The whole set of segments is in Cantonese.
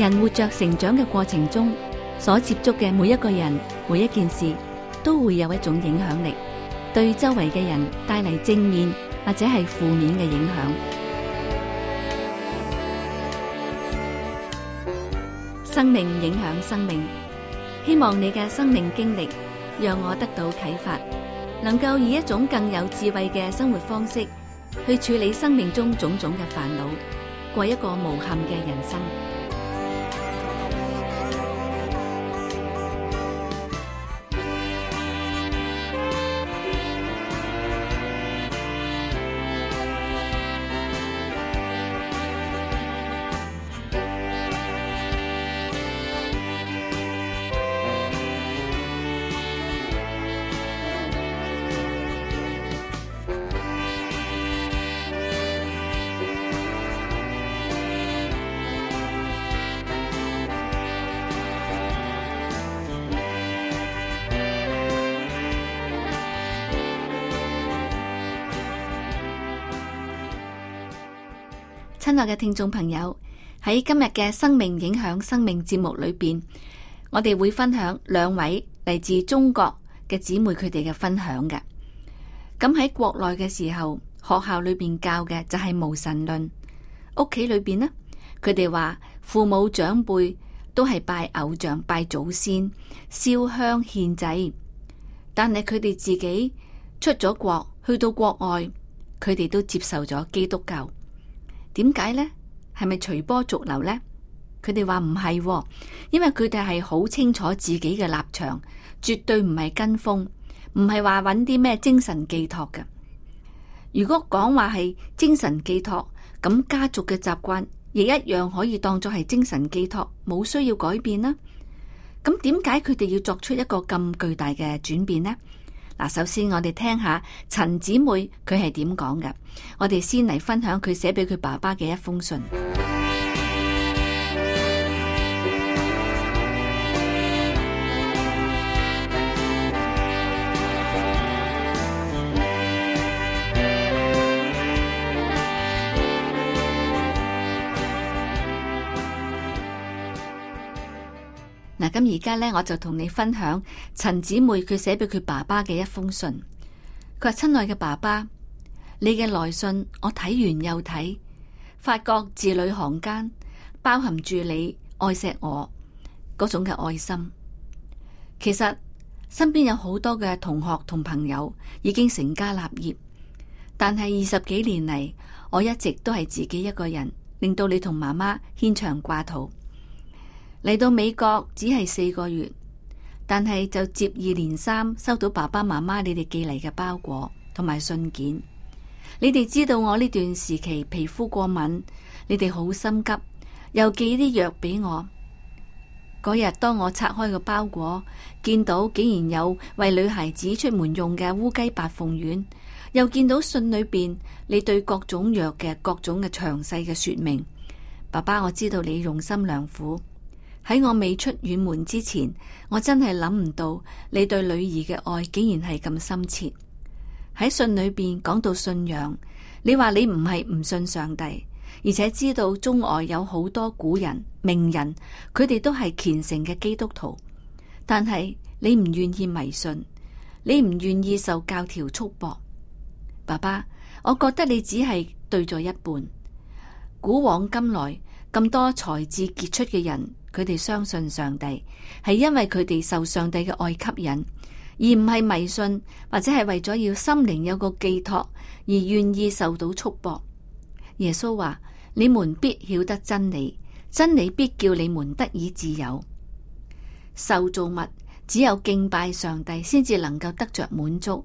人活着成長嘅過程中，所接觸嘅每一個人、每一件事，都會有一種影響力，對周圍嘅人帶嚟正面或者係負面嘅影響。生命影響生命，希望你嘅生命經歷讓我得到啟發，能夠以一種更有智慧嘅生活方式去處理生命中種種嘅煩惱，過一個無憾嘅人生。親愛嘅聽眾朋友，喺今日嘅生命影響生命節目裏邊，我哋會分享兩位嚟自中國嘅姊妹佢哋嘅分享嘅。咁喺國內嘅時候，學校裏邊教嘅就係無神論，屋企裏邊呢，佢哋話父母長輩都係拜偶像、拜祖先、燒香獻祭，但係佢哋自己出咗國去到國外，佢哋都接受咗基督教。點解呢？係咪隨波逐流呢？佢哋話唔係喎，因為佢哋係好清楚自己嘅立場，絕對唔係跟風，唔係話揾啲咩精神寄託嘅。如果講話係精神寄託，咁家族嘅習慣亦一樣可以當作係精神寄託，冇需要改變啦。咁點解佢哋要作出一個咁巨大嘅轉變呢？嗱，首先我哋聽下陳姊妹佢係點講嘅，我哋先嚟分享佢寫俾佢爸爸嘅一封信。而家咧，我就同你分享陳姊妹佢寫俾佢爸爸嘅一封信。佢話：親愛嘅爸爸，你嘅來信我睇完又睇，發覺字裏行間包含住你愛錫我嗰種嘅愛心。其實身邊有好多嘅同學同朋友已經成家立業，但係二十幾年嚟我一直都係自己一個人，令到你同媽媽牽腸掛肚。嚟到美國只係四個月，但係就接二連三收到爸爸媽媽你哋寄嚟嘅包裹同埋信件。你哋知道我呢段時期皮膚過敏，你哋好心急又寄啲藥俾我。嗰日當我拆開個包裹，見到竟然有為女孩子出門用嘅烏雞白鳳丸，又見到信裏邊你對各種藥嘅各種嘅詳細嘅說明。爸爸，我知道你用心良苦。喺我未出遠門之前，我真係諗唔到你對女兒嘅愛竟然係咁深切。喺信裏邊講到信仰，你話你唔係唔信上帝，而且知道中外有好多古人名人，佢哋都係虔誠嘅基督徒。但係你唔願意迷信，你唔願意受教條束縛。爸爸，我覺得你只係對咗一半。古往今來，咁多才智傑出嘅人。佢哋相信上帝係因為佢哋受上帝嘅愛吸引，而唔係迷信，或者係為咗要心靈有個寄託而願意受到束縛。耶穌話：你們必曉得真理，真理必叫你們得以自由。受造物只有敬拜上帝，先至能夠得着滿足。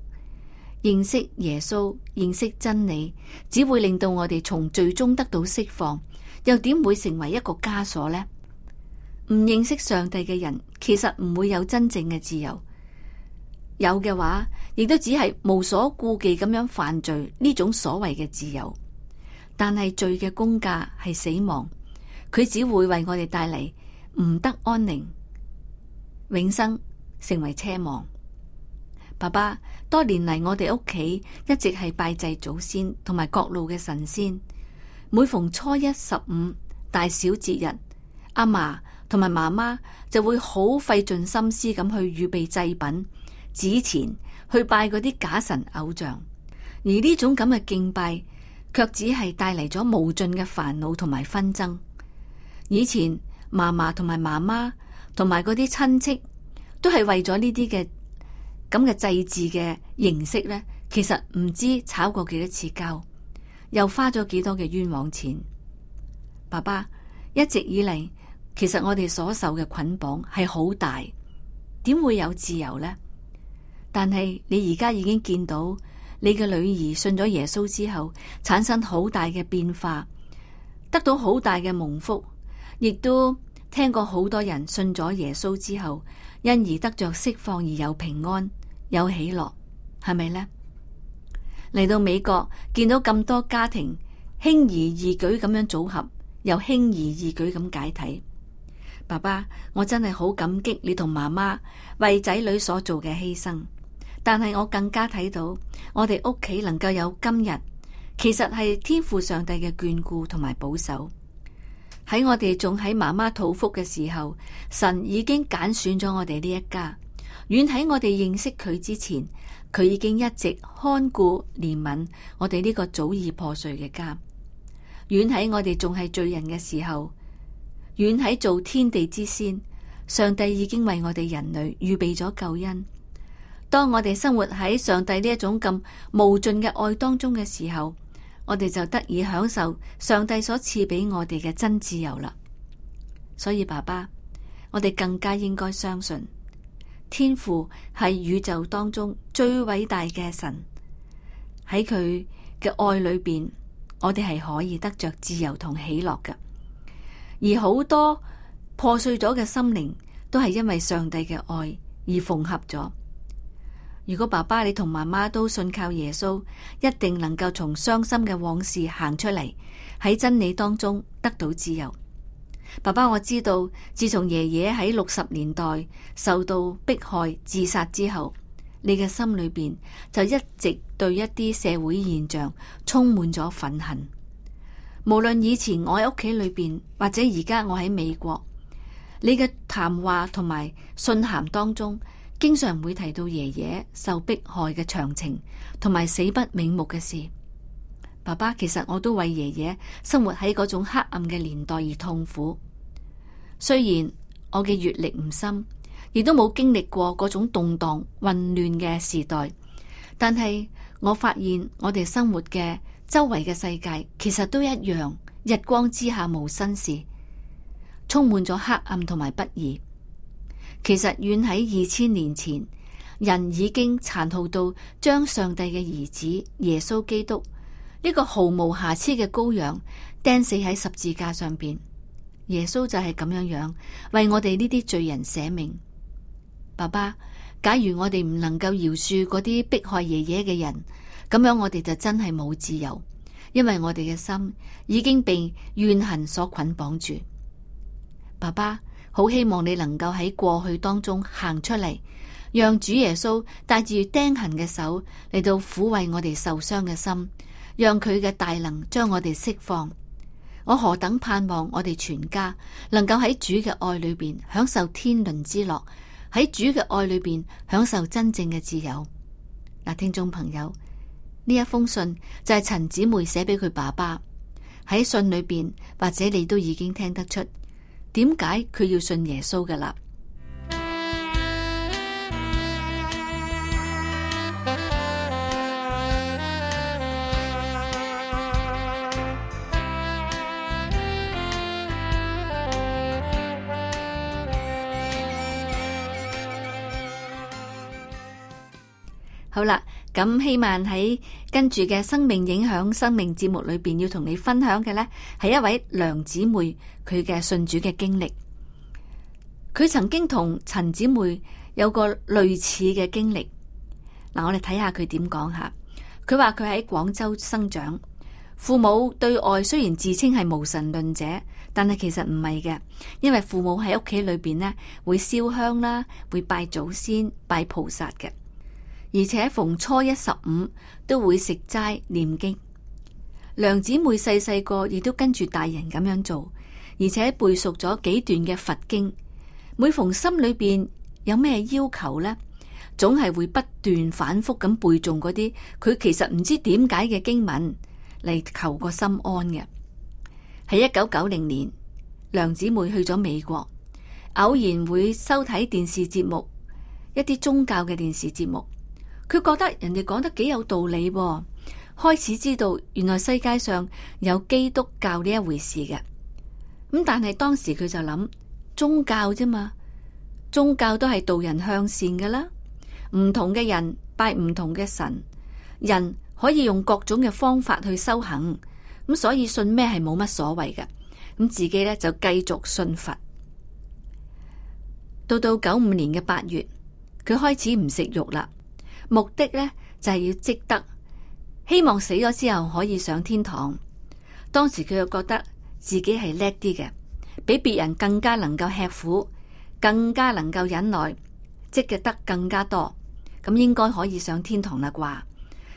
認識耶穌，認識真理，只會令到我哋從最終得到釋放，又點會成為一個枷鎖呢？唔認識上帝嘅人，其實唔會有真正嘅自由。有嘅話，亦都只係無所顧忌咁樣犯罪呢種所謂嘅自由。但係罪嘅工價係死亡，佢只會為我哋帶嚟唔得安寧，永生成為奢望。爸爸多年嚟，我哋屋企一直係拜祭祖先同埋各路嘅神仙。每逢初一、十五、大小節日，阿嫲。同埋，媽媽就會好費盡心思咁去預備祭品、紙錢去拜嗰啲假神偶像，而呢種咁嘅敬拜卻只係帶嚟咗無盡嘅煩惱同埋紛爭。以前，嫲嫲同埋媽媽同埋嗰啲親戚都係為咗呢啲嘅咁嘅祭祀嘅形式咧，其實唔知吵過幾多次交，又花咗幾多嘅冤枉錢。爸爸一直以嚟。其實我哋所受嘅捆綁係好大，點會有自由呢？但係你而家已經見到你嘅女兒信咗耶穌之後，產生好大嘅變化，得到好大嘅蒙福，亦都聽過好多人信咗耶穌之後，因而得着釋放而有平安有喜樂，係咪呢？嚟到美國見到咁多家庭輕而易舉咁樣組合，又輕而易舉咁解體。爸爸，我真係好感激你同媽媽為仔女所做嘅犧牲，但係我更加睇到我哋屋企能夠有今日，其實係天父上帝嘅眷顧同埋保守。喺我哋仲喺媽媽肚腹嘅時候，神已經揀選咗我哋呢一家。遠喺我哋認識佢之前，佢已經一直看顧憐憫我哋呢個早已破碎嘅家。遠喺我哋仲係罪人嘅時候。遠喺做天地之先，上帝已經為我哋人類預備咗救恩。當我哋生活喺上帝呢一種咁無盡嘅愛當中嘅時候，我哋就得以享受上帝所賜俾我哋嘅真自由啦。所以，爸爸，我哋更加應該相信天父係宇宙當中最偉大嘅神。喺佢嘅愛裏面，我哋係可以得着自由同喜樂嘅。而好多破碎咗嘅心靈，都係因為上帝嘅愛而縫合咗。如果爸爸你同媽媽都信靠耶穌，一定能夠從傷心嘅往事行出嚟，喺真理當中得到自由。爸爸，我知道，自從爺爺喺六十年代受到迫害、自殺之後，你嘅心裏邊就一直對一啲社會現象充滿咗憤恨。無論以前我喺屋企裏邊，或者而家我喺美國，你嘅談話同埋信函當中，經常會提到爺爺受迫害嘅詳情，同埋死不瞑目嘅事。爸爸，其實我都為爺爺生活喺嗰種黑暗嘅年代而痛苦。雖然我嘅閱歷唔深，亦都冇經歷過嗰種動盪混亂嘅時代，但係我發現我哋生活嘅。周圍嘅世界其實都一樣，日光之下無新事，充滿咗黑暗同埋不義。其實遠喺二千年前，人已經殘酷到將上帝嘅兒子耶穌基督呢個毫無瑕疵嘅羔羊釘死喺十字架上邊。耶穌就係咁樣樣為我哋呢啲罪人捨命。爸爸，假如我哋唔能夠饒恕嗰啲迫害爺爺嘅人。咁樣，我哋就真係冇自由，因為我哋嘅心已經被怨恨所捆綁住。爸爸，好希望你能夠喺過去當中行出嚟，讓主耶穌帶住釘痕嘅手嚟到撫慰我哋受傷嘅心，讓佢嘅大能將我哋釋放。我何等盼望我哋全家能夠喺主嘅愛裏邊享受天倫之樂，喺主嘅愛裏邊享受真正嘅自由。嗱，聽眾朋友。呢一封信就係陳姊妹寫俾佢爸爸，喺信裏邊，或者你都已經聽得出點解佢要信耶穌㗎啦。 好啦。咁希望喺跟住嘅生命影響生命節目裏面要同你分享嘅呢，係一位梁姊妹佢嘅信主嘅經歷。佢曾經同陳姊妹有個類似嘅經歷。嗱，我哋睇下佢點講吓。佢話佢喺廣州生長，父母對外雖然自稱係無神論者，但係其實唔係嘅，因為父母喺屋企裏面呢，會燒香啦，會拜祖先、拜菩薩嘅。而且逢初一十五都會食齋念經。梁姊妹細細個亦都跟住大人咁樣做，而且背熟咗幾段嘅佛經。每逢心裏邊有咩要求咧，總係會不斷反覆咁背誦嗰啲佢其實唔知點解嘅經文嚟求個心安嘅。喺一九九零年，梁姊妹去咗美國，偶然會收睇電視節目，一啲宗教嘅電視節目。佢覺得人哋講得幾有道理喎，開始知道原來世界上有基督教呢一回事嘅。咁但係當時佢就諗，宗教啫嘛，宗教都係導人向善噶啦。唔同嘅人拜唔同嘅神，人可以用各種嘅方法去修行，咁所以信咩係冇乜所謂嘅。咁自己咧就繼續信佛。到到九五年嘅八月，佢開始唔食肉啦。目的呢，就係、是、要積德，希望死咗之後可以上天堂。當時佢又覺得自己係叻啲嘅，比別人更加能夠吃苦，更加能夠忍耐，積嘅德更加多，咁應該可以上天堂啦啩？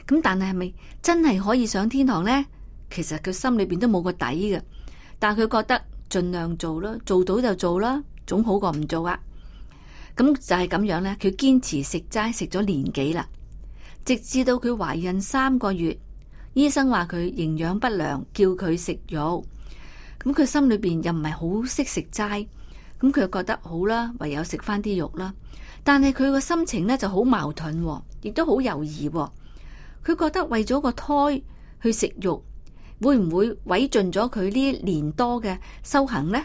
咁但係係咪真係可以上天堂呢？其實佢心裏邊都冇個底嘅，但係佢覺得盡量做啦，做到就做啦，總好過唔做啊！咁就係咁樣咧，佢堅持食齋食咗年幾啦，直至到佢懷孕三個月，醫生話佢營養不良，叫佢食肉。咁佢心裏邊又唔係好識食齋，咁佢又覺得好啦，唯有食翻啲肉啦。但係佢個心情咧就好矛盾喎，亦都好猶豫喎。佢覺得為咗個胎去食肉，會唔會毀盡咗佢呢年多嘅修行呢？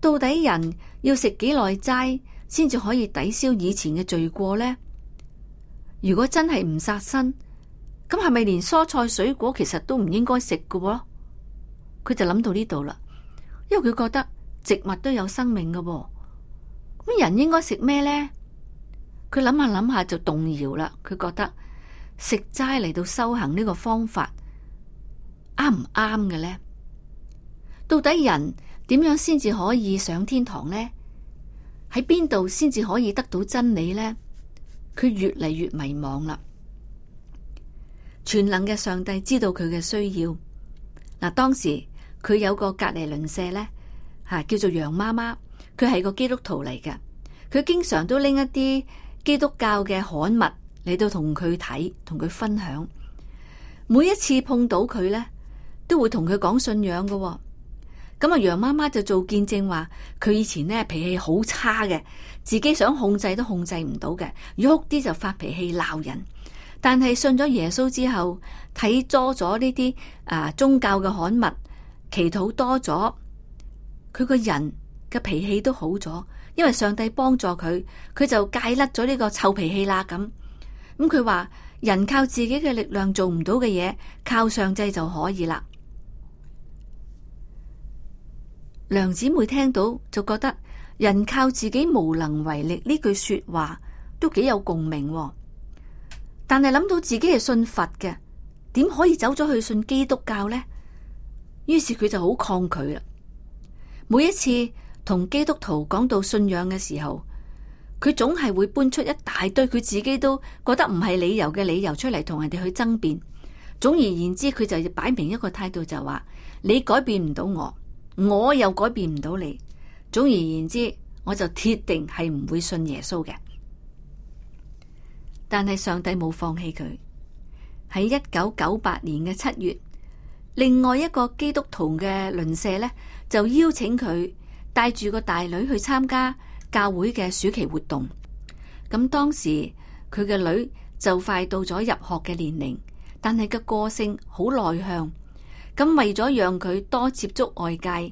到底人要食幾耐齋？先至可以抵消以前嘅罪過呢？如果真係唔殺生，咁係咪連蔬菜水果其實都唔應該食嘅喎？佢就諗到呢度啦，因為佢覺得植物都有生命嘅喎，咁人應該食咩呢？佢諗下諗下就動搖啦。佢覺得食齋嚟到修行呢個方法啱唔啱嘅呢？到底人點樣先至可以上天堂呢？喺邊度先至可以得到真理呢？佢越嚟越迷茫啦。全能嘅上帝知道佢嘅需要。嗱、啊，當時佢有個隔籬鄰舍咧，吓、啊、叫做楊媽媽，佢係個基督徒嚟嘅。佢經常都拎一啲基督教嘅刊物嚟到同佢睇，同佢分享。每一次碰到佢咧，都會同佢講信仰嘅、喎。咁啊，楊媽媽就做見證話，佢以前呢脾氣好差嘅，自己想控制都控制唔到嘅，喐啲就發脾氣鬧人。但係信咗耶穌之後，睇多咗呢啲啊宗教嘅刊物，祈禱多咗，佢個人嘅脾氣都好咗，因為上帝幫助佢，佢就戒甩咗呢個臭脾氣啦。咁咁佢話，人靠自己嘅力量做唔到嘅嘢，靠上帝就可以啦。梁姊妹聽到就覺得人靠自己無能為力呢句說話都幾有共鳴喎，但係諗到自己係信佛嘅，點可以走咗去信基督教呢？於是佢就好抗拒啦。每一次同基督徒講到信仰嘅時候，佢總係會搬出一大堆佢自己都覺得唔係理由嘅理由出嚟，同人哋去爭辯。總而言之，佢就擺明一個態度就，就話你改變唔到我。我又改變唔到你，總而言之，我就鐵定係唔會信耶穌嘅。但係上帝冇放棄佢，喺一九九八年嘅七月，另外一個基督徒嘅鄰舍咧就邀請佢帶住個大女去參加教會嘅暑期活動。咁當時佢嘅女就快到咗入學嘅年齡，但係佢個性好內向。咁為咗讓佢多接觸外界，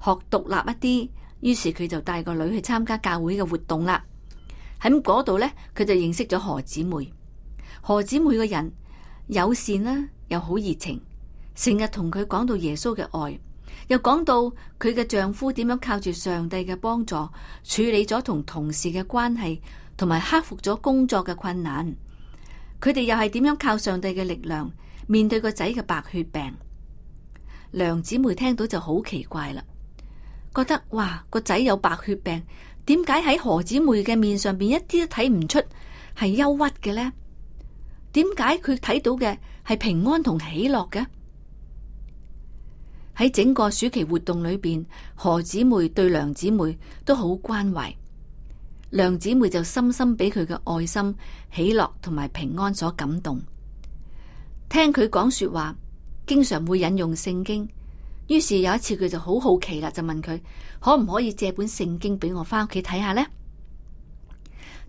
學獨立一啲，於是佢就帶個女去參加教會嘅活動啦。喺嗰度呢，佢就認識咗何姊妹。何姊妹個人友善啦，又好熱情，成日同佢講到耶穌嘅愛，又講到佢嘅丈夫點樣靠住上帝嘅幫助處理咗同同事嘅關係，同埋克服咗工作嘅困難。佢哋又係點樣靠上帝嘅力量面對個仔嘅白血病。梁姊妹聽到就好奇怪啦，覺得哇，個仔有白血病，點解喺何姊妹嘅面上邊一啲都睇唔出係憂鬱嘅呢？點解佢睇到嘅係平安同喜樂嘅？喺整個暑期活動裏邊，何姊妹對梁姊妹都好關懷，梁姊妹就深深俾佢嘅愛心、喜樂同埋平安所感動，聽佢講說話，經常會引用聖經，於是有一次佢就好好奇啦，就問佢可唔可以借本聖經俾我翻屋企睇下呢？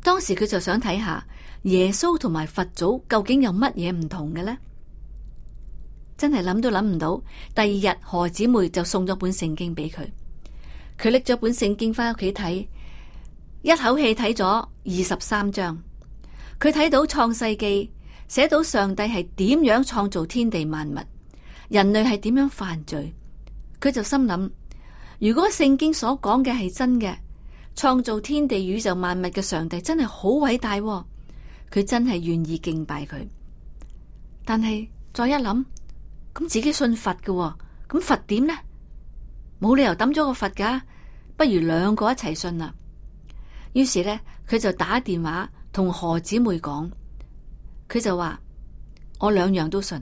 當時佢就想睇下耶穌同埋佛祖究竟有乜嘢唔同嘅呢？真係諗都諗唔到。第二日何姊妹就送咗本聖經俾佢，佢拎咗本聖經翻屋企睇，一口氣睇咗二十三章。佢睇到創世記，寫到上帝係點樣創造天地萬物。人類係點樣犯罪？佢就心諗：如果聖經所講嘅係真嘅，創造天地宇宙萬物嘅上帝真係好偉大喎，佢真係願意敬拜佢。但係再一諗，咁自己信佛嘅喎，咁佛點呢？冇理由抌咗個佛噶啊，不如兩個一齊信啦啊。於是呢，佢就打電話同何姊妹講，佢就話：我兩樣都信。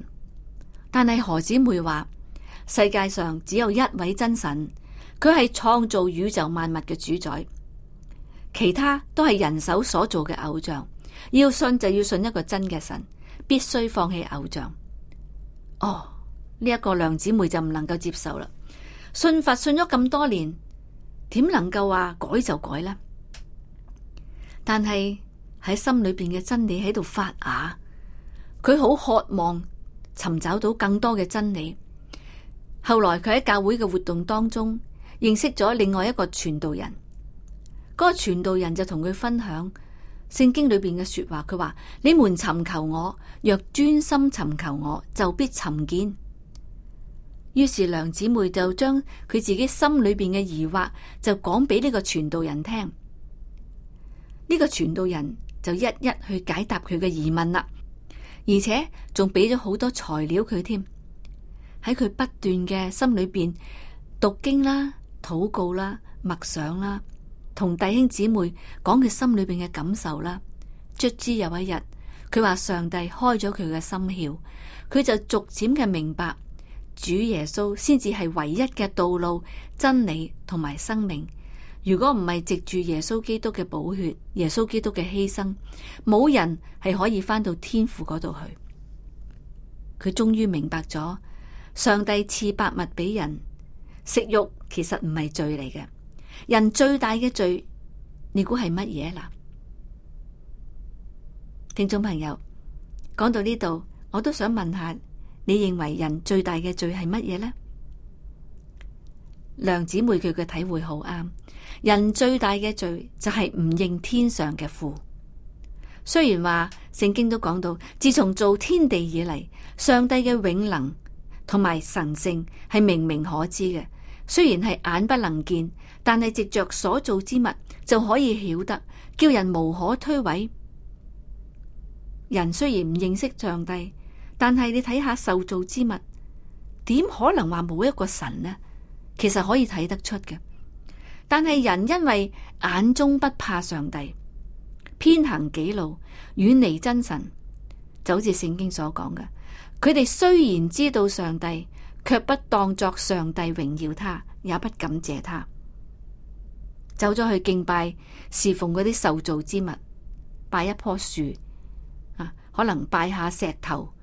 但係何姊妹話：世界上只有一位真神，佢係創造宇宙萬物嘅主宰，其他都係人手所做嘅偶像。要信就要信一個真嘅神，必須放棄偶像。哦，呢、這、一個梁姊妹就唔能夠接受啦！信佛信咗咁多年，點能夠話改就改呢？但係喺心裏邊嘅真理喺度發芽，佢好渴望。尋找到更多嘅真理。後來佢喺教會嘅活動當中，認識咗另外一個傳道人。嗰個傳道人就同佢分享聖經裏邊嘅說話，佢話，你們尋求我，若專心尋求我，就必尋見。於是梁姊妹就將佢自己心裏邊嘅疑惑就講俾呢個傳道人聽。呢個傳道人就一一去解答佢嘅疑問啦。而且仲畀咗好多材料佢添，喺佢不斷嘅心裏邊讀經啦、禱告啦、默想啦，同弟兄姊妹講佢心裏邊嘅感受啦。卒之有一日，佢話上帝開咗佢嘅心竅，佢就逐漸嘅明白主耶穌先至係唯一嘅道路、真理同埋生命。如果唔係藉住耶穌基督嘅寶血，耶穌基督嘅犧牲，冇人係可以翻到天父嗰度去。佢終於明白咗，上帝賜百物畀人，食肉其實唔係罪嚟嘅。人最大嘅罪，你估係乜嘢啦？聽眾朋友，講到呢度，我都想問下，你認為人最大嘅罪係乜嘢呢？梁姊妹佢嘅體會好啱。人最大嘅罪就係唔認天上嘅父。雖然話聖經都講到，自從造天地以嚟，上帝嘅永能同埋神性係明明可知嘅。雖然係眼不能見，但係藉着所造之物就可以曉得，叫人無可推諉。人雖然唔認識上帝，但係你睇下受造之物，點可能話冇一個神呢？其實可以睇得出嘅，但係人因為眼中不怕上帝，偏行己路，遠離真神，就好似聖經所講嘅。佢哋雖然知道上帝，卻不當作上帝榮耀他，也不感謝他，走咗去敬拜侍奉嗰啲受造之物，拜一棵樹啊，可能拜下石頭，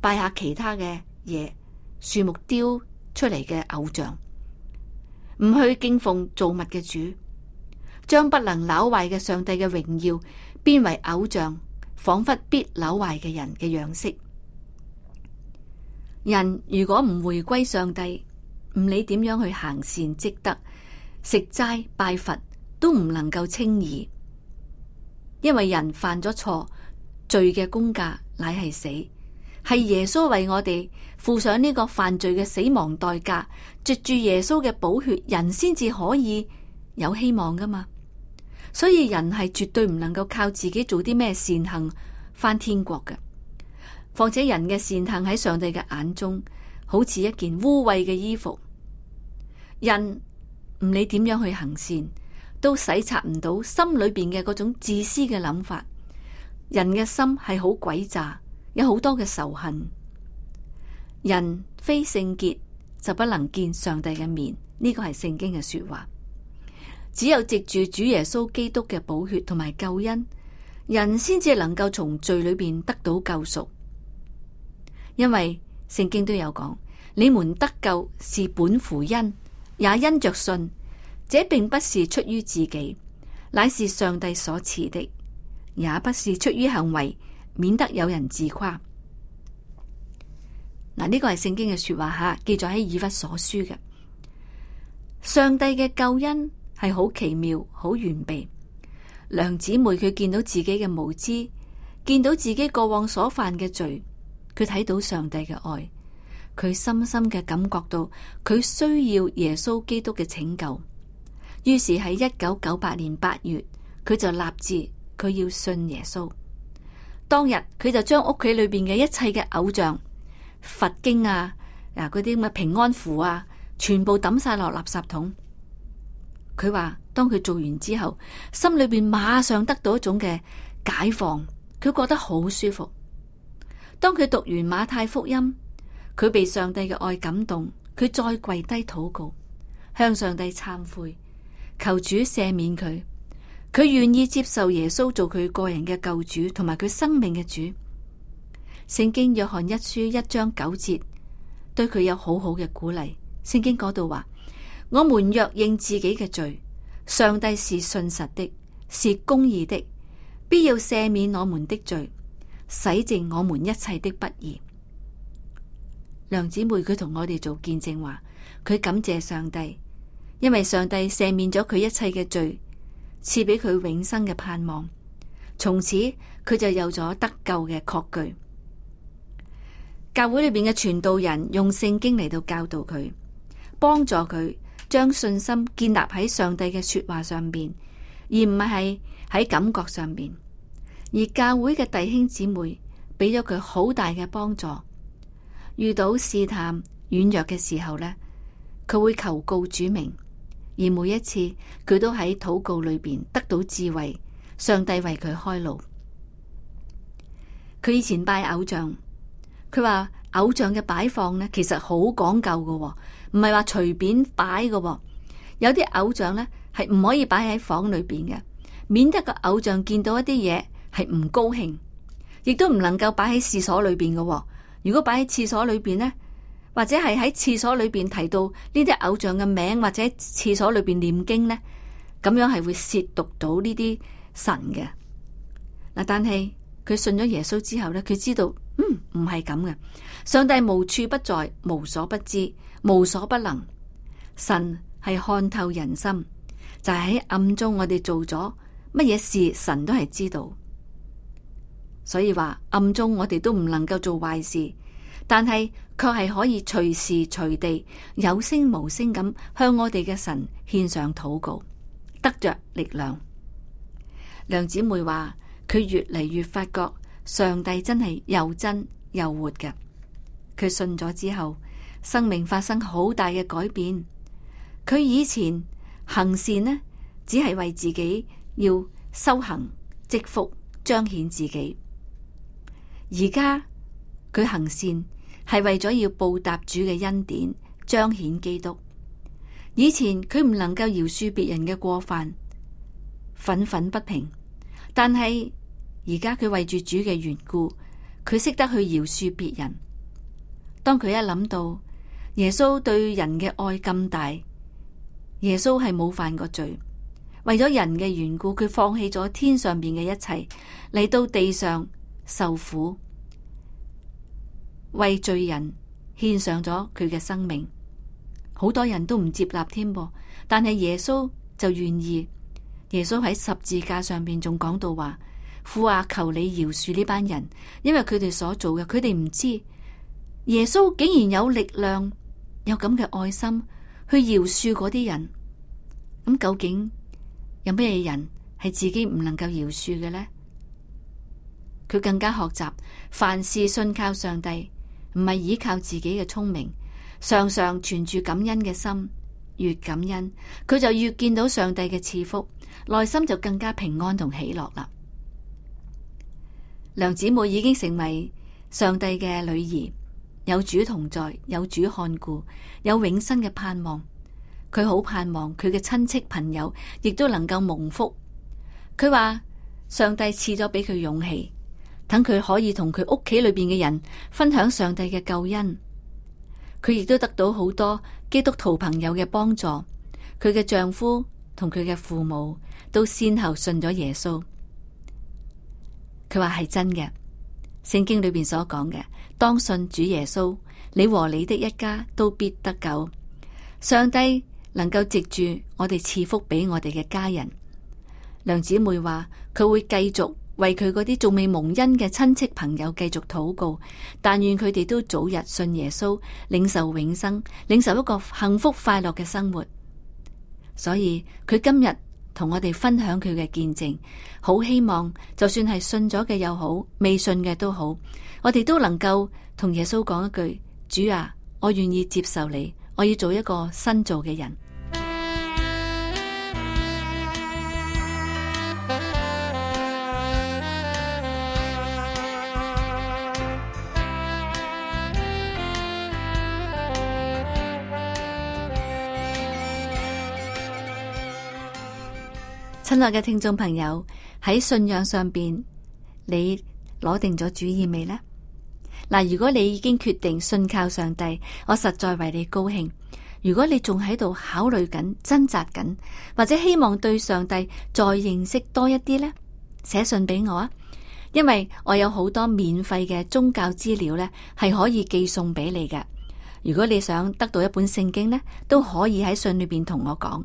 拜下其他嘅嘢，樹木雕出嚟嘅偶像。唔去敬奉造物嘅主，將不能朽壞嘅上帝嘅榮耀變為偶像，仿佛必朽壞嘅人嘅樣式。人如果唔回歸上帝，唔理點樣去行善積德，食齋拜佛都唔能夠稱義，因為人犯咗錯，罪嘅工價乃係死。係耶穌為我哋付上呢個犯罪嘅死亡代價，藉住耶穌嘅寶血，人先至可以有希望噶嘛？所以人係絕對唔能夠靠自己做啲咩善行返天國嘅，況且人嘅善行喺上帝嘅眼中好似一件污穢嘅衣服。人唔理點樣去行善，都洗刷唔到心裏邊嘅嗰種自私嘅諗法。人嘅心係好詭詐。有好多嘅仇恨，人非聖潔就不能見上帝嘅面，呢、這個係聖經嘅說話。只有藉住主耶穌基督嘅寶血同埋救恩，人先至能夠從罪裏面得到救贖。因為聖經都有講，你們得救是本乎恩，也因着信。這並不是出於自己，乃是上帝所賜的，也不是出於行為。免得有人自誇。嗱，呢個係聖經嘅說話吓，記載喺以弗所書嘅上帝嘅救恩係好奇妙、好完備。梁姊妹佢見到自己嘅無知，見到自己過往所犯嘅罪，佢睇到上帝嘅愛，佢深深嘅感覺到佢需要耶穌基督嘅拯救。於是喺一九九八年八月，佢就立志佢要信耶穌。當日佢就將屋企裏邊嘅一切嘅偶像、佛經啊、嗱嗰啲咁嘅平安符啊，全部抌晒落垃圾桶。佢話當佢做完之後，心裏邊馬上得到一種嘅解放，佢覺得好舒服。當佢讀完馬太福音，佢被上帝嘅愛感動，佢再跪低禱告，向上帝懺悔，求主赦免佢。佢願意接受耶穌做佢個人嘅救主，同埋佢生命嘅主。聖經約翰一書一章九節對佢有好好嘅鼓勵。聖經嗰度話：「我們若認自己嘅罪，上帝是信實的，是公義的，必要赦免我們的罪，洗淨我們一切的不義。梁姊妹佢同我哋做見證話，佢感謝上帝，因為上帝赦免咗佢一切嘅罪。賜俾佢永生嘅盼望，從此佢就有咗得救嘅確據。教會裏面嘅傳道人用聖經嚟到教導佢，幫助佢將信心建立喺上帝嘅說話上面，而唔係喺感覺上面。而教會嘅弟兄姊妹俾咗佢好大嘅幫助，遇到試探軟弱嘅時候呢，佢會求告主名。而每一次佢都喺禱告裏邊得到智慧，上帝為佢開路。佢以前拜偶像，佢話偶像嘅擺放呢，其實好講究㗎喎，唔係話隨便擺㗎喎。有啲偶像呢係唔可以擺喺房裏邊嘅，免得個偶像見到一啲嘢係唔高興，亦都唔能夠擺喺廁所裏邊㗎喎。如果擺喺廁所裏邊呢，或者係喺廁所裏邊提到呢啲偶像嘅名，或者廁所裏邊念經呢，咁樣係會褻瀆到呢啲神嘅。嗱，但係佢信咗耶穌之後呢，佢知道，嗯，唔係咁嘅。上帝無處不在，無所不知，無所不能。神係看透人心，就係喺暗中我哋做咗乜嘢事，神都係知道。所以話，暗中我哋都唔能夠做壞事。但係，卻係可以隨時隨地有聲無聲咁向我哋嘅神獻上禱告，得着力量。梁姊妹話：佢越嚟越發覺上帝真係又真又活嘅。佢信咗之後，生命發生好大嘅改變。佢以前行善呢，只係為自己要修行積福，彰顯自己。而家佢行善。係為咗要報答主嘅恩典，彰顯基督。以前佢唔能夠饒恕別人嘅過犯，忿忿不平。但係而家佢為住主嘅緣故，佢識得去饒恕別人。當佢一諗到耶穌對人嘅愛咁大，耶穌係冇犯過罪，為咗人嘅緣故，佢放棄咗天上邊嘅一切嚟到地上受苦，為罪人獻上咗佢嘅生命，好多人都唔接納添噃，但係耶穌就願意。耶穌喺十字架上面仲講到話：父啊，求你饒恕呢班人，因為佢哋所做嘅，佢哋唔知。耶穌竟然有力量，有咁嘅愛心去饒恕嗰啲人。咁究竟有咩人係自己唔能夠饒恕嘅呢？佢更加學習，凡事信靠上帝。唔係依靠自己嘅聰明，常常存住感恩嘅心，越感恩佢就越見到上帝嘅賜福，內心就更加平安同喜樂啦。梁姊妹已經成為上帝嘅女兒，有主同在，有主看顧，有永生嘅盼望。佢好盼望佢嘅親戚朋友亦都能夠蒙福。佢話上帝賜咗俾佢勇氣。等佢可以同佢屋企裏邊嘅人分享上帝嘅救恩，佢亦都得到好多基督徒朋友嘅幫助。佢嘅丈夫同佢嘅父母都先後信咗耶穌。佢話係真嘅，聖經裏邊所講嘅，當信主耶穌，你和你的一家都必得救。上帝能夠藉住我哋賜福俾我哋嘅家人。梁姊妹話佢會繼續。為佢嗰啲仲未蒙恩嘅親戚朋友繼續禱告，但願佢哋都早日信耶穌，領受永生，領受一個幸福快樂嘅生活。所以佢今日同我哋分享佢嘅見證，好希望就算係信咗嘅又好，未信嘅都好，我哋都能夠同耶穌講一句：主啊，我願意接受你，我要做一個新造嘅人。親愛嘅聽眾朋友，喺信仰上邊，你攞定咗主意未呢？嗱，如果你已經決定信靠上帝，我實在為你高興。如果你仲喺度考慮緊、掙扎緊，或者希望對上帝再認識多一啲呢，寫信俾我啊！因為我有好多免費嘅宗教資料呢，係可以寄送俾你嘅。如果你想得到一本聖經呢，都可以喺信裏邊同我講。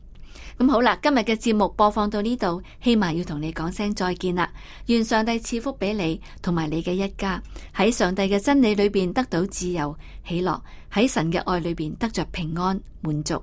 咁好啦，今日嘅節目播放到呢度，希望要同你講聲再見啦。願上帝賜福俾你同埋你嘅一家，喺上帝嘅真理裏邊得到自由、喜樂，喺神嘅愛裏邊得着平安、滿足。